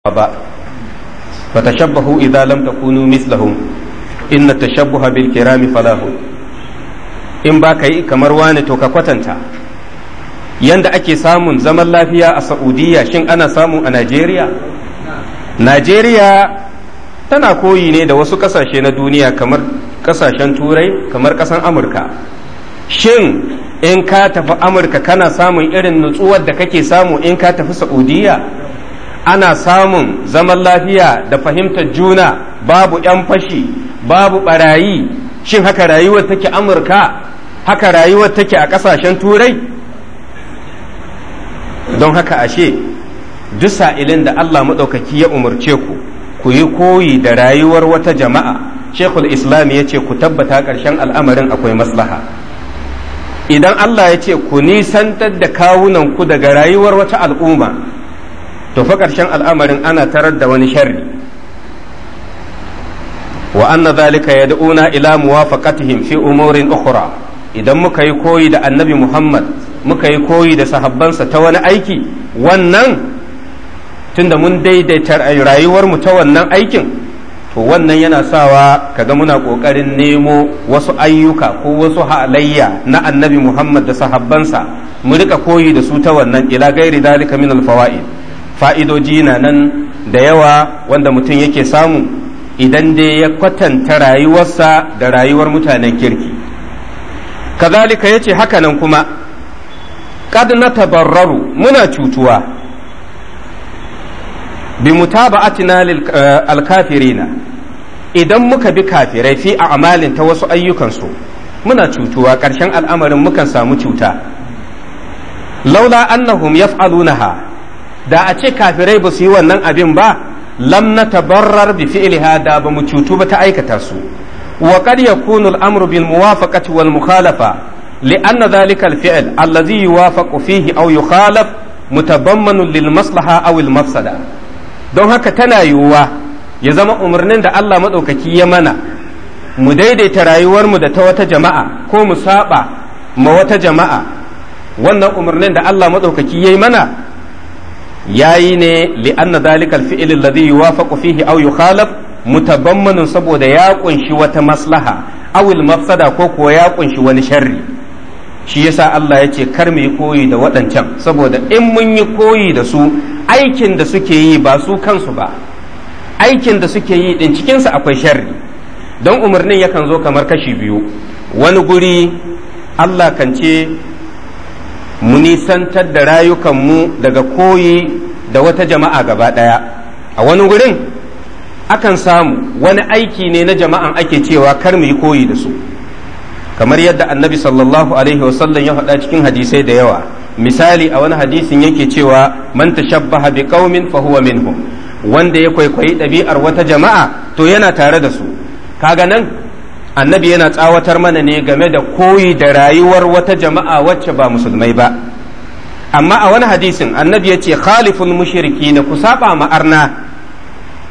ba fatashabbahu idan lam takunu mislahum inna tashabbuha bil kirami falahu in ba yi kamar wani to ka kwatanta yanda ake samun zaman lafiya a Saudiya shin ana samu a Najeriya Najeriya tana koyi ne da wasu kasashe na duniya kamar kasashen turai kamar kasan Amurka shin in ka tafi Amurka kana samun irin nutsuwar da kake samu in ka tafi Saudiya ana samun zaman lafiya da fahimtar juna babu 'yan fashi babu barayi shin haka rayuwar take amurka haka rayuwar take a ƙasashen turai don haka ashe duk sa'ilin da allah maɗaukaki ya umarce ku ku yi koyi da rayuwar wata jama'a shekul islam ya ce ku tabbata ƙarshen al'amarin akwai maslaha idan allah ya ce ku nisantar da kawunanku daga rayuwar wata al'umma to fa ƙarshen al'amarin ana tarar da wani sharri wa anna zalika yad'una ila muwafaqatihim fi umurin ukhra idan muka yi koyi da annabi Muhammad muka yi koyi da sahabbansa ta wani aiki wannan tunda mun daidaita rayuwar mu ta wannan aikin to wannan yana sawa kaga muna ƙoƙarin nemo wasu ayyuka ko wasu halayya na annabi muhammad da sahabbansa mu rika koyi da su ta wannan ila gairi dalika min fawa'id fa'idoji na nan da yawa wanda mutum yake samu idan dai ya kwatanta rayuwarsa da rayuwar mutanen kirki kazalika ya ce hakanan kuma kad na tabarraru muna cutuwa bi mutaba'atina eh, alkafirina idan muka bi kafirai fi a amalin ta wasu ayyukansu muna cutuwa ƙarshen al'amarin mukan samu cuta laula annahum yaf'alunaha da a ce kafirai ba su yi wannan abin ba lam na tabarrar bi fi'liha da ba mu cutu ba ta aikata su wa qad yakunu al-amru bil muwafaqati wal mukhalafa li'anna dhalika al-fi'l alladhi yuwafaqu fihi aw yukhalaf mutabammanun lil maslaha aw al mafsada don haka tana yiwuwa ya zama umarnin da Allah madaukaki ya mana mu daidaita rayuwarmu da ta wata jama'a ko mu saba ma wata jama'a wannan umarnin da Allah madaukaki yi mana yayi ne li anna dalika al-fi'l alladhi yuwafaqu fihi aw yukhalaf mutabammanan saboda ya kunshi wata maslaha awil mafsada ko kuwa ya kunshi wani sharri shi yasa Allah ya ce kar mu yi koyi da waɗancan saboda in mun yi koyi da su aikin da suke yi ba su kansu ba aikin da suke yi din cikinsa akwai sharri don umarnin yakan zo kamar kashi biyu wani guri Allah kan ce mu nisantar da rayukanmu daga koyi da wata jama'a gaba ɗaya a wani gurin akan samu wani aiki ne na jama'an ake cewa kar mu yi koyi da su kamar yadda annabi sallallahu alaihi wasallam ya faɗa cikin hadisai da yawa misali a wani hadisin yake cewa man tashabbaha bi qaumin fa huwa minhum wanda ya kwaikwayi ɗabi'ar wata jama'a to yana tare da su kaga nan annabi yana tsawatar mana ne game da koyi da rayuwar wata jama'a wacce ba musulmai ba amma a wani hadisin annabi ya ce khalifun mushriki na ku saba ma'arna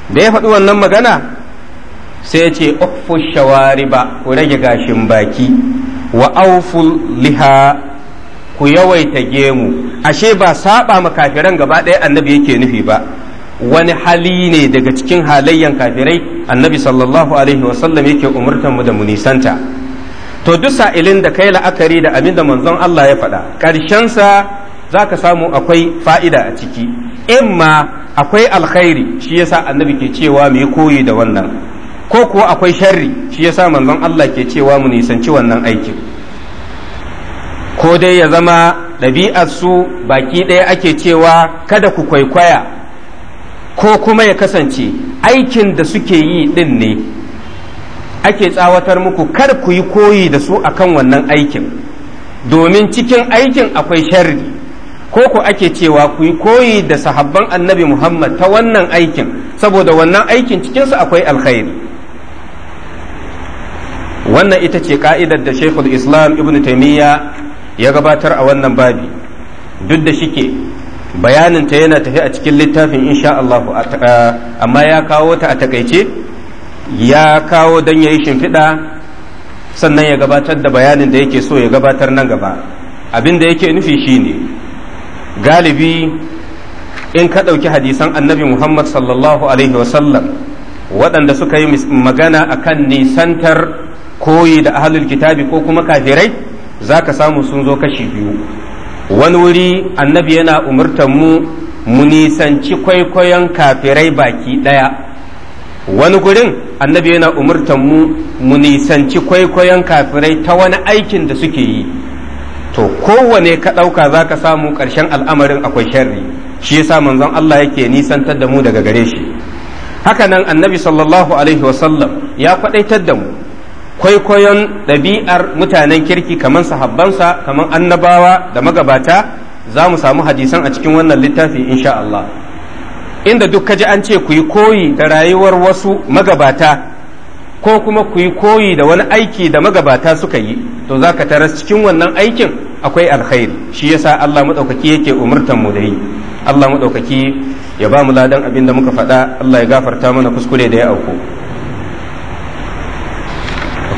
da ya faɗi wannan magana sai ya ce shawari ba ku rage gashin baki wa auful liha ku yawaita gemu ashe ba saba ma kafiran gaba ɗaya annabi yake nufi ba wani hali ne daga cikin halayyan kafirai annabi sallallahu alaihi wasallam yake umurtan mu da mu nisanta to duk sa'ilin da kai la'akari da abin da manzon Allah ya faɗa sa za ka samu akwai fa'ida a ciki imma akwai alkhairi shi yasa annabi ke cewa mu yi koyi da wannan ko kuwa akwai sharri shi yasa manzon Allah ke cewa mu nisanci wannan aikin ko dai ya zama ɗabi'ar su baki ɗaya ake cewa kada ku kwaikwaya ko kuma ya kasance aikin da suke yi ɗin ne ake tsawatar muku kar ku yi koyi da su akan wannan aikin domin cikin aikin akwai sharri ko ku ake cewa ku yi koyi da sahabban annabi muhammad ta wannan aikin saboda wannan aikin cikinsu akwai alkhairi wannan ita ce ka'idar da shekul islam ibn taimiyya ya gabatar a wannan babi duk da shike bayanin ta yana tafi a cikin littafin insha Allah amma ya kawo ta a takaice ya kawo don ya yi shimfiɗa sannan ya gabatar da bayanin da yake so ya gabatar nan gaba abin da yake nufi shine galibi in ka ɗauki hadisan annabi muhammad sallallahu alaihi wasallam waɗanda suka yi magana a kan nisantar koyi da ahalul kitabi ko kuma kafirai za ka samu sun zo kashi biyu wani wuri annabi yana umurtan mu mu nisanci kwaikwayon kafirai baki ɗaya wani gurin annabi yana umurtan mu mu nisanci kwaikwayon kafirai ta wani aikin da suke yi to kowane ka ɗauka za ka samu ƙarshen al'amarin akwai sharri shi yasa manzon Allah yake nisantar da mu daga gare shi Hakanan annabi sallallahu alaihi wasallam ya kwaɗaitar da mu kwaikwayon ɗabi'ar mutanen kirki kamar sahabbansa kamar annabawa da magabata za mu samu hadisan a cikin wannan littafi insha Allah inda duk kaji an ce ku yi koyi da rayuwar wasu magabata ko kuma ku yi koyi da wani aiki da magabata suka yi to za ka taras cikin wannan aikin akwai alkhairi shi yasa Allah maɗaukaki yake umurtan mu da yi Allah maɗaukaki ya ba mu ladan abin da muka faɗa Allah ya gafarta mana kuskure da ya auku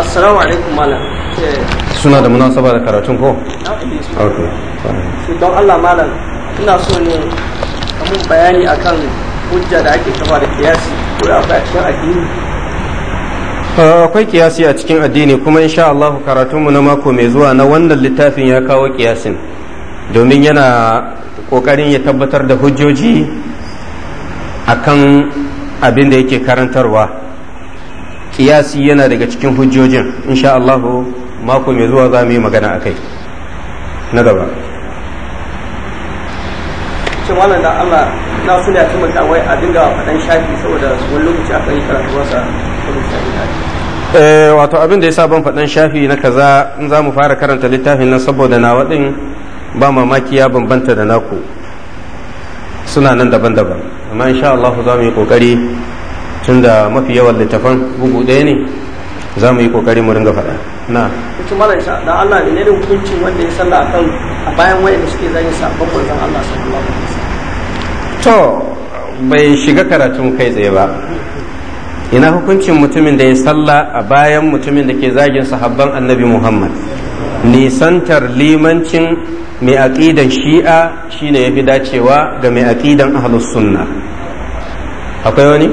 assalamu alaikum malam suna da munasaba da karatun ko su don Allah malam ina so ne mun bayani akan hujja da ake kafa da kiyasi ko akwai a cikin addini ah, akwai kiyasi a cikin addini kuma insha Allah karatunmu na mako mai zuwa na wannan littafin ya kawo kiyasin domin yana kokarin ya tabbatar da hujjoji akan abin da yake karantarwa kiyasi yana daga cikin hujjojin insha Allah mako mai zuwa za mu yi magana a kai na gaba ce wannan da Allah na su da taimaka wai a dinga faɗan shafi saboda wani lokaci aka yi karatu wasa eh wato abin da ya sa ban faɗan shafi na kaza in za mu fara karanta littafin nan saboda na waɗin ba mamaki ya bambanta da naku suna nan daban-daban amma insha Allah za mu yi ƙoƙari tunda mafi yawan littafan bugu ɗaya ne za mu yi kokari mu ringa faɗa na mutum mala isa da Allah ne ne hukuncin wanda ya salla akan a bayan wayanda suke zagin sabon manzon Allah sallallahu alaihi wasallam to bai shiga karatun kai tsaye ba ina hukuncin mutumin da ya salla a bayan mutumin da ke zagin sahabban annabi Muhammad nisantar limancin mai aqidan shi'a shine yafi dacewa ga mai aqidan ahlus sunna akwai wani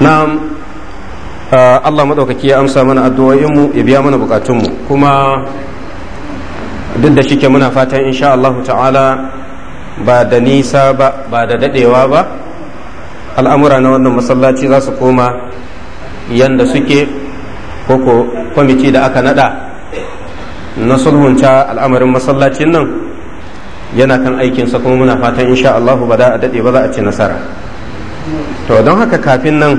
na'am ah, Allah madaukaki ya amsa mana addu'o'inmu ya biya mana bukatunmu kuma duk da shike muna fatan insha Allah ta'ala ba da nisa ba ba da dadewa ba al'amura na wannan masallaci za su koma yanda suke koko kwamiti da aka naɗa na sulhunta al'amarin masallacin nan yana kan aikinsa kuma muna fatan insha Allah ba da a dade ba za a ci nasara to don haka kafin nan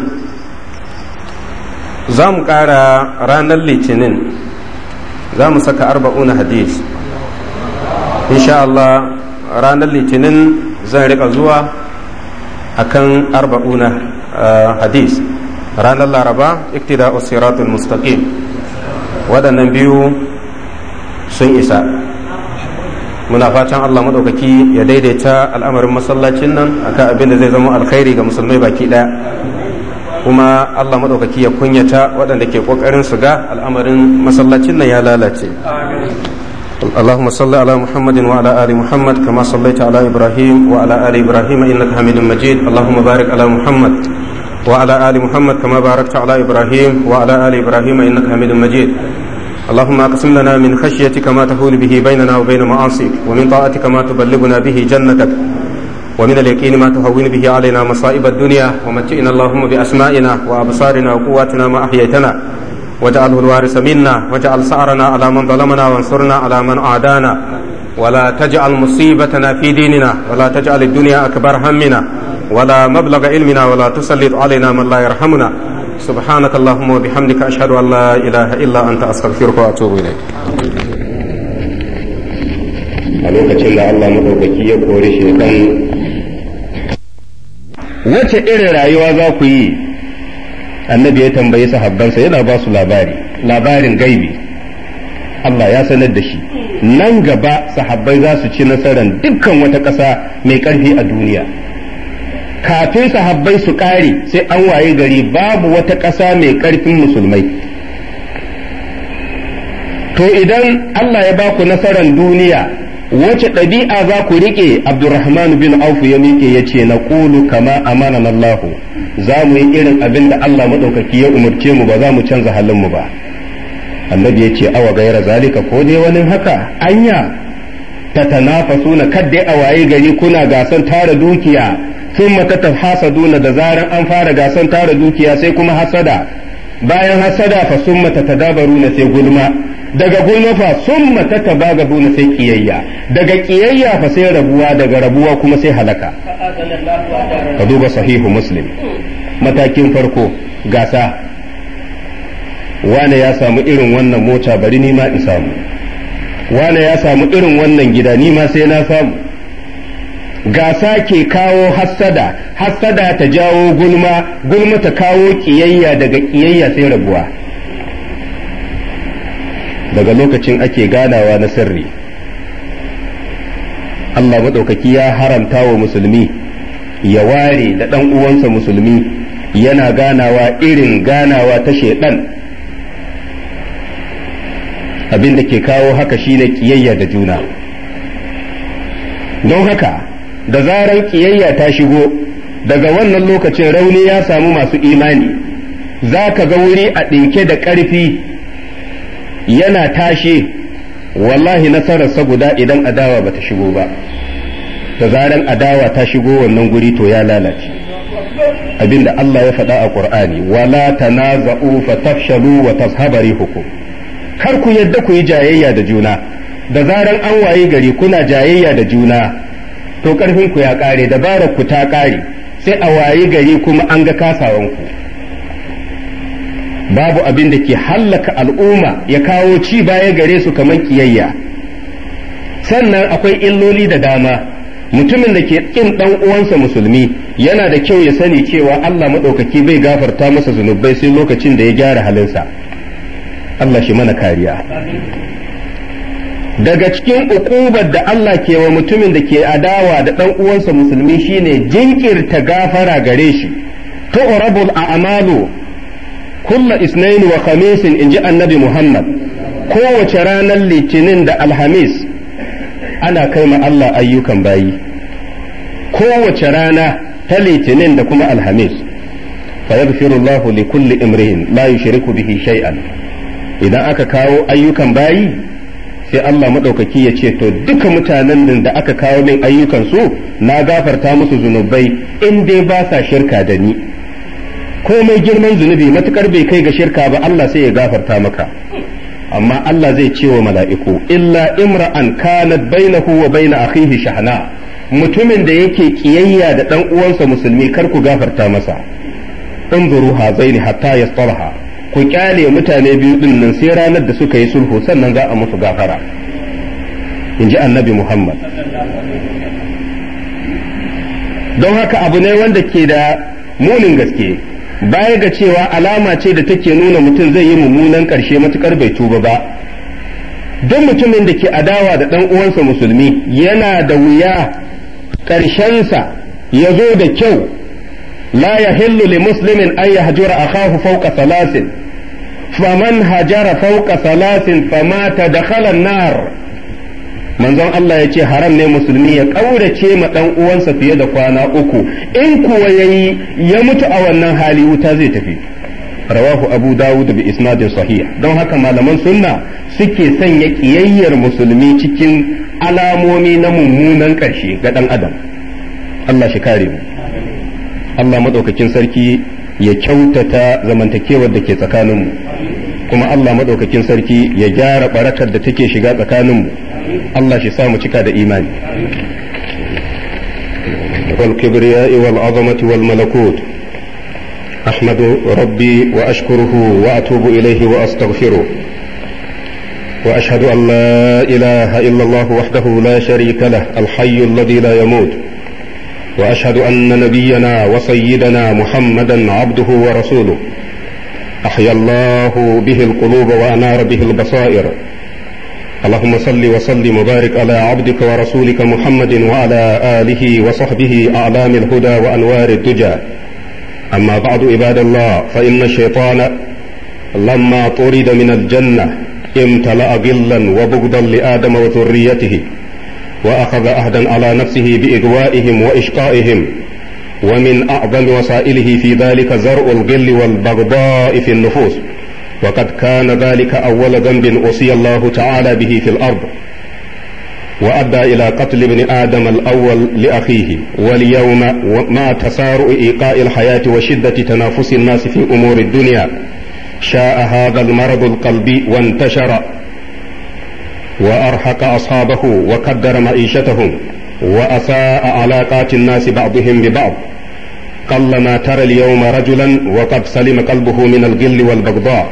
za mu ƙara ranar litinin za mu saka arba'una hadis insha Allah ranar litinin zan riƙa zuwa a akan arba'una eh, hadis ranar laraba iktida siratul mustaqim waɗannan biyu sun isa muna fatan Allah maɗaukaki ya daidaita al'amarin masallacin nan akan abin da zai zama alkhairi ga musulmai baki ɗaya kuma Allah maɗaukaki ya kunyata waɗanda ke kokarin su ga al'amarin masallacin nan ya lalace Allahumma salli ala Muhammadin wa ala ali Muhammad kama sallaita ala Ibrahim wa ala ali Ibrahim innaka Hamidum Majid Allahumma barik ala Muhammad wa ala ali Muhammad kama barakta ala Ibrahim wa ala ali Ibrahim innaka Hamidum Majid اللهم اقسم لنا من خشيتك ما تهون به بيننا وبين معاصيك ومن طاعتك ما تبلغنا به جنتك ومن اليقين ما تهون به علينا مصائب الدنيا ومتئنا اللهم بأسمائنا وأبصارنا وقواتنا ما أحييتنا واجعله الوارث منا واجعل سعرنا على من ظلمنا وانصرنا على من أعدانا ولا تجعل مصيبتنا في ديننا ولا تجعل الدنيا أكبر همنا ولا مبلغ علمنا ولا تسلط علينا من لا يرحمنا سبحانك اللهم وبحمدك أشهد أن لا إله إلا أنت أستغفرك وأتوب إليك a lokacin da Allah maɗaukaki ya kori shaitan wace irin rayuwa za ku yi annabi ya tambayi sahabbansa yana ba su labari labarin gaibi Allah ya sanar da shi nan gaba sahabbai za su ci nasarar dukkan wata ƙasa mai ƙarfi a duniya kafin sahabbai su kare sai an waye gari babu wata ƙasa mai ƙarfin musulmai to idan Allah ya baku nasarar duniya wace ɗabi'a za ku riƙe abdurrahman bin auf ya miƙe ya ce na ƙulu kama amanan Allahu za mu yi irin abin da Allah maɗaukaki ya umarce mu ba za mu canza halin mu ba annabi ya ce awa gaira zalika ko dai wani haka anya ta tanafa na kadda a waye gari kuna gasan tara dukiya sun matatar hasaduna da zaran an fara gasan tara dukiya sai kuma hasada bayan hasada fa ta dabaru na sai gulma daga gulma fa sun matatagabu na sai kiyayya daga kiyayya fa sai rabuwa daga rabuwa kuma sai halaka ka sahihu muslim matakin farko gasa wane ya samu irin wannan mota bari ni ma in samu wane ya samu irin wannan gida ni ma sai na samu gasa ke kawo hassada hassada ta jawo gulma gulma ta kawo kiyayya daga kiyayya sai rabuwa daga lokacin ake ganawa na sirri Allah maɗaukaki ya haramta wa musulmi ya ware da ɗan uwansa musulmi yana ganawa irin ganawa ta shaiɗan abin da ke kawo haka shine kiyayya da juna don haka da zaran kiyayya ta shigo daga wannan lokacin rauni ya samu masu imani za ka ga wuri a ɗinke da ƙarfi yana tashe wallahi nasararsa guda idan adawa ba ta shigo ba da zaran adawa ta shigo wannan guri to ya lalace abinda Allah ya faɗa a Kur'ani wala tanaza'u tafshalu wa tashabari hukum kar ku yadda ku yi jayayya da juna da zarar an waye gari kuna jayayya da juna to karfin ku ya kare dabarar ku ta ƙare sai a waye gari kuma an ga kasawan ku babu abin da ke hallaka al'umma ya kawo ci baya gare su kamar kiyayya sannan akwai illoli da dama mutumin da ke kin dan uwansa musulmi yana da kyau ya sani cewa Allah madaukaki bai gafarta masa zunubai sai lokacin da ya gyara halinsa Allah shi mana kariya daga cikin ukubar da Allah ke wa mutumin da ke adawa da ɗan uwansa musulmi shine jinkirta gafara gare shi rabul a'malu kulla isnain wa khamisin inji annabi Muhammad kowace ranar litinin da alhamis ana kai ma Allah ayyukan bayi kowace rana ta litinin da kuma alhamis fa Allahu li kulli imrin la yushriku bihi shay'an idan aka kawo ayyukan bayi sai Allah maɗaukaki ya ce to duka mutanen da aka kawo min ayyukansu na gafarta musu zunubai in dai ba sa shirka da ni komai girman zunubi matukar bai kai ga shirka ba Allah sai ya gafarta maka amma Allah zai ce wa mala'iku illa imra'an kanat bainahu wa baina akhihi shahana mutumin da yake kiyayya da dan uwansa musulmi kar ku gafarta masa unzuru hazaini hatta yastarha ku kyale mutane biyu din nan sai ranar da suka yi sulhu sannan za a musu gafara in ji annabi muhammad don haka abu ne wanda ke da munin gaske baya ga cewa alama ce da take nuna mutum zai yi mummunan ƙarshe matukar bai tuba ba don mutumin da ke adawa da ɗan uwansa musulmi yana da wuya ƙarshensa ya zo da kyau لا يحل لمسلم أن يهجر أخاه فوق ثلاث فمن هجر فوق ثلاث فمات دخل النار manzon Allah ya ce haram ne musulmi ya ƙaurace ma ɗan uwansa fiye da kwana uku in kuwa ya yi ya mutu a wannan hali wuta zai tafi rawahu abu dawud bi isnadin sahih don haka malaman sunna suke sanya kiyayyar musulmi cikin alamomi na mummunan ƙarshe ga ɗan adam Allah shi kare mu Allah madaukakin sarki ya kyautata zamantakewar da ke tsakaninmu kuma Allah madaukakin sarki ya gyara barakar da take shiga tsakaninmu Allah shi samu cika da imani والكبرياء والعظمة والملكوت أحمد ربي وأشكره وأتوب إليه وأستغفره وأشهد أن لا إله إلا الله وحده لا شريك له الحي الذي لا يموت واشهد ان نبينا وسيدنا محمدا عبده ورسوله احيا الله به القلوب وانار به البصائر اللهم صل وسلم وبارك على عبدك ورسولك محمد وعلى اله وصحبه اعلام الهدى وانوار الدجى اما بعد عباد الله فان الشيطان لما طرد من الجنه امتلا غلا وبغضا لادم وذريته واخذ عهدا على نفسه باغوائهم واشقائهم ومن اعظم وسائله في ذلك زرع الغل والبغضاء في النفوس وقد كان ذلك اول ذنب اوصي الله تعالى به في الارض وادى الى قتل ابن ادم الاول لاخيه واليوم مع تسارع ايقاء الحياه وشده تنافس الناس في امور الدنيا شاء هذا المرض القلبي وانتشر وأرهق أصحابه وكدر معيشتهم وأساء علاقات الناس بعضهم ببعض قلما ترى اليوم رجلا وقد سلم قلبه من الغل والبغضاء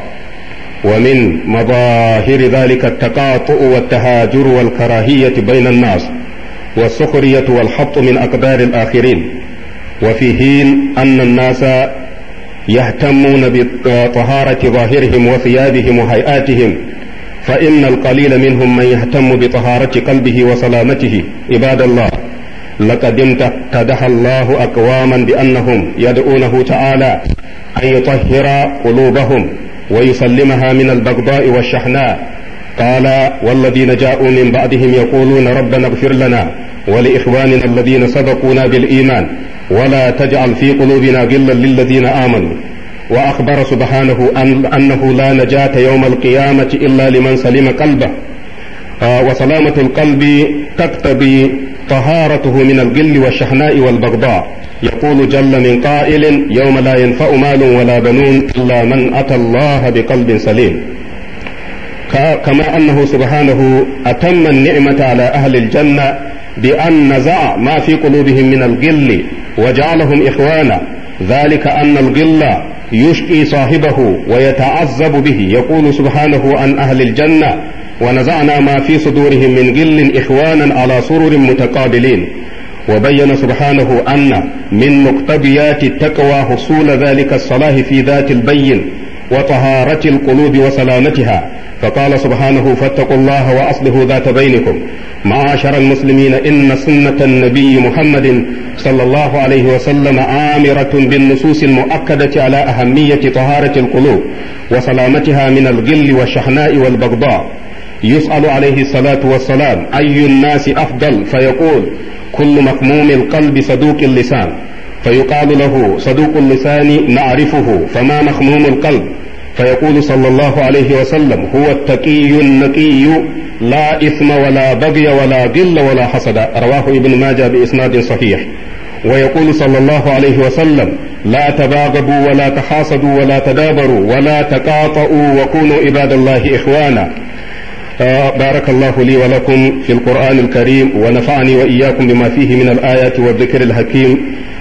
ومن مظاهر ذلك التقاطؤ والتهاجر والكراهية بين الناس والسخرية والحط من أقدار الآخرين وفي حين أن الناس يهتمون بطهارة ظاهرهم وثيابهم وهيئاتهم فإن القليل منهم من يهتم بطهارة قلبه وسلامته عباد الله لقد امتدح الله أقواما بأنهم يدعونه تعالى أن يطهر قلوبهم ويسلمها من البغضاء والشحناء قال والذين جاءوا من بعدهم يقولون ربنا اغفر لنا ولإخواننا الذين سبقونا بالإيمان ولا تجعل في قلوبنا غلا للذين آمنوا وأخبر سبحانه أن أنه لا نجاة يوم القيامة إلا لمن سلم قلبه آه، وسلامة القلب تقتضي طهارته من الغل والشحناء والبغضاء يقول جل من قائل يوم لا ينفع مال ولا بنون إلا من أتى الله بقلب سليم كما أنه سبحانه أتم النعمة على أهل الجنة بأن نزع ما في قلوبهم من الغل وجعلهم إخوانا ذلك أن الجل يشقي صاحبه ويتعذب به يقول سبحانه عن أهل الجنة ونزعنا ما في صدورهم من غل إخوانا على سرر متقابلين وبين سبحانه أن من مقتضيات التقوى حصول ذلك الصلاح في ذات البين وطهارة القلوب وسلامتها فقال سبحانه فاتقوا الله وأصلحوا ذات بينكم معاشر المسلمين إن سنة النبي محمد صلى الله عليه وسلم آمرة بالنصوص المؤكدة على أهمية طهارة القلوب وسلامتها من الغل والشحناء والبغضاء يسأل عليه الصلاة والسلام أي الناس أفضل فيقول كل مقموم القلب صدوق اللسان فيقال له صدوق اللسان نعرفه فما مخموم القلب فيقول صلى الله عليه وسلم هو التقي النقي لا إثم ولا بغي ولا ذل ولا حسد رواه ابن ماجه بإسناد صحيح ويقول صلى الله عليه وسلم لا تباغضوا ولا تحاسدوا ولا تدابروا ولا تقاطعوا وكونوا عباد الله إخوانا بارك الله لي ولكم في القرآن الكريم ونفعني وإياكم بما فيه من الآيات والذكر الحكيم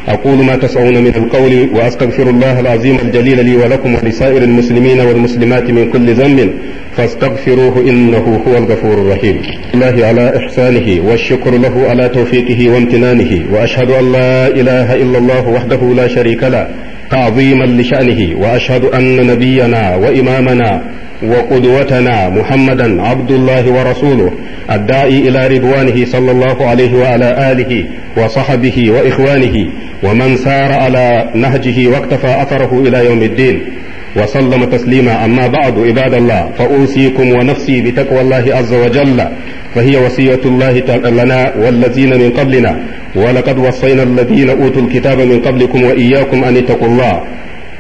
أقول ما تسعون من القول وأستغفر الله العظيم الجليل لي ولكم ولسائر المسلمين والمسلمات من كل ذنب فاستغفروه إنه هو الغفور الرحيم الله على إحسانه والشكر له على توفيقه وامتنانه وأشهد أن لا إله إلا الله وحده لا شريك له تعظيما لشأنه وأشهد أن نبينا وإمامنا وقدوتنا محمدا عبد الله ورسوله الداعي إلى رضوانه صلى الله عليه وعلى آله وصحبه وإخوانه ومن سار على نهجه واقتفى أثره إلى يوم الدين وسلم تسليما أما بعد عباد الله فأوصيكم ونفسي بتقوى الله عز وجل فهي وصية الله لنا والذين من قبلنا ولقد وصينا الذين أوتوا الكتاب من قبلكم وإياكم أن اتقوا الله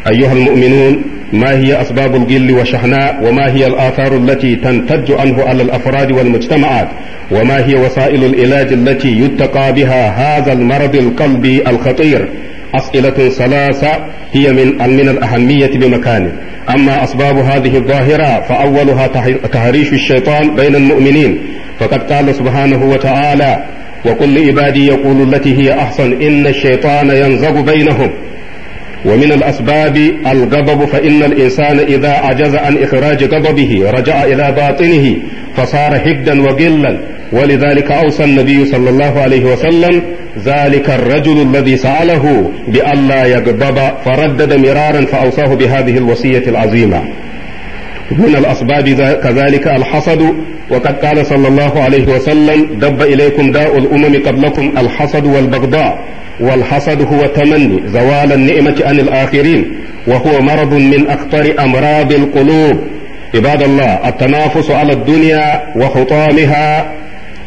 أيها المؤمنون ما هي أسباب الجل والشحناء وما هي الآثار التي تنتج عنه على الأفراد والمجتمعات وما هي وسائل العلاج التي يتقى بها هذا المرض القلبي الخطير أسئلة ثلاثة هي من من الأهمية بمكانه أما أسباب هذه الظاهرة فأولها تهريش الشيطان بين المؤمنين فقد قال سبحانه وتعالى وكل عبادي يقول التي هي أحسن إن الشيطان ينزغ بينهم ومن الأسباب الغضب فإن الإنسان إذا عجز عن إخراج غضبه رجع إلى باطنه فصار حقدا وقلا ولذلك أوصى النبي صلى الله عليه وسلم ذلك الرجل الذي سأله بألا يغضب فردد مرارا فأوصاه بهذه الوصية العظيمة من الأسباب كذلك الحسد وقد قال صلى الله عليه وسلم دب إليكم داء الأمم قبلكم الحسد والبغضاء والحسد هو تمني زوال النعمة عن الآخرين وهو مرض من أخطر أمراض القلوب عباد الله التنافس على الدنيا وخطامها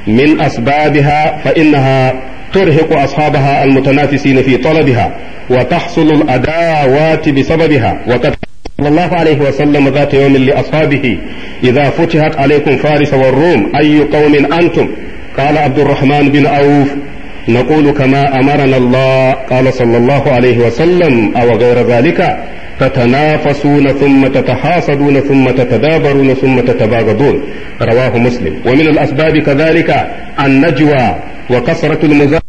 من أسبابها فإنها ترهق أصحابها المتنافسين في طلبها وتحصل الأداوات بسببها وقد صلى الله عليه وسلم ذات يوم لأصحابه إذا فتحت عليكم فارس والروم أي قوم أنتم قال عبد الرحمن بن أوف نقول كما أمرنا الله قال صلى الله عليه وسلم أو غير ذلك تتنافسون ثم تتحاسدون ثم تتدابرون ثم تتباغضون رواه مسلم ومن الأسباب كذلك النجوى وكثرة المزاح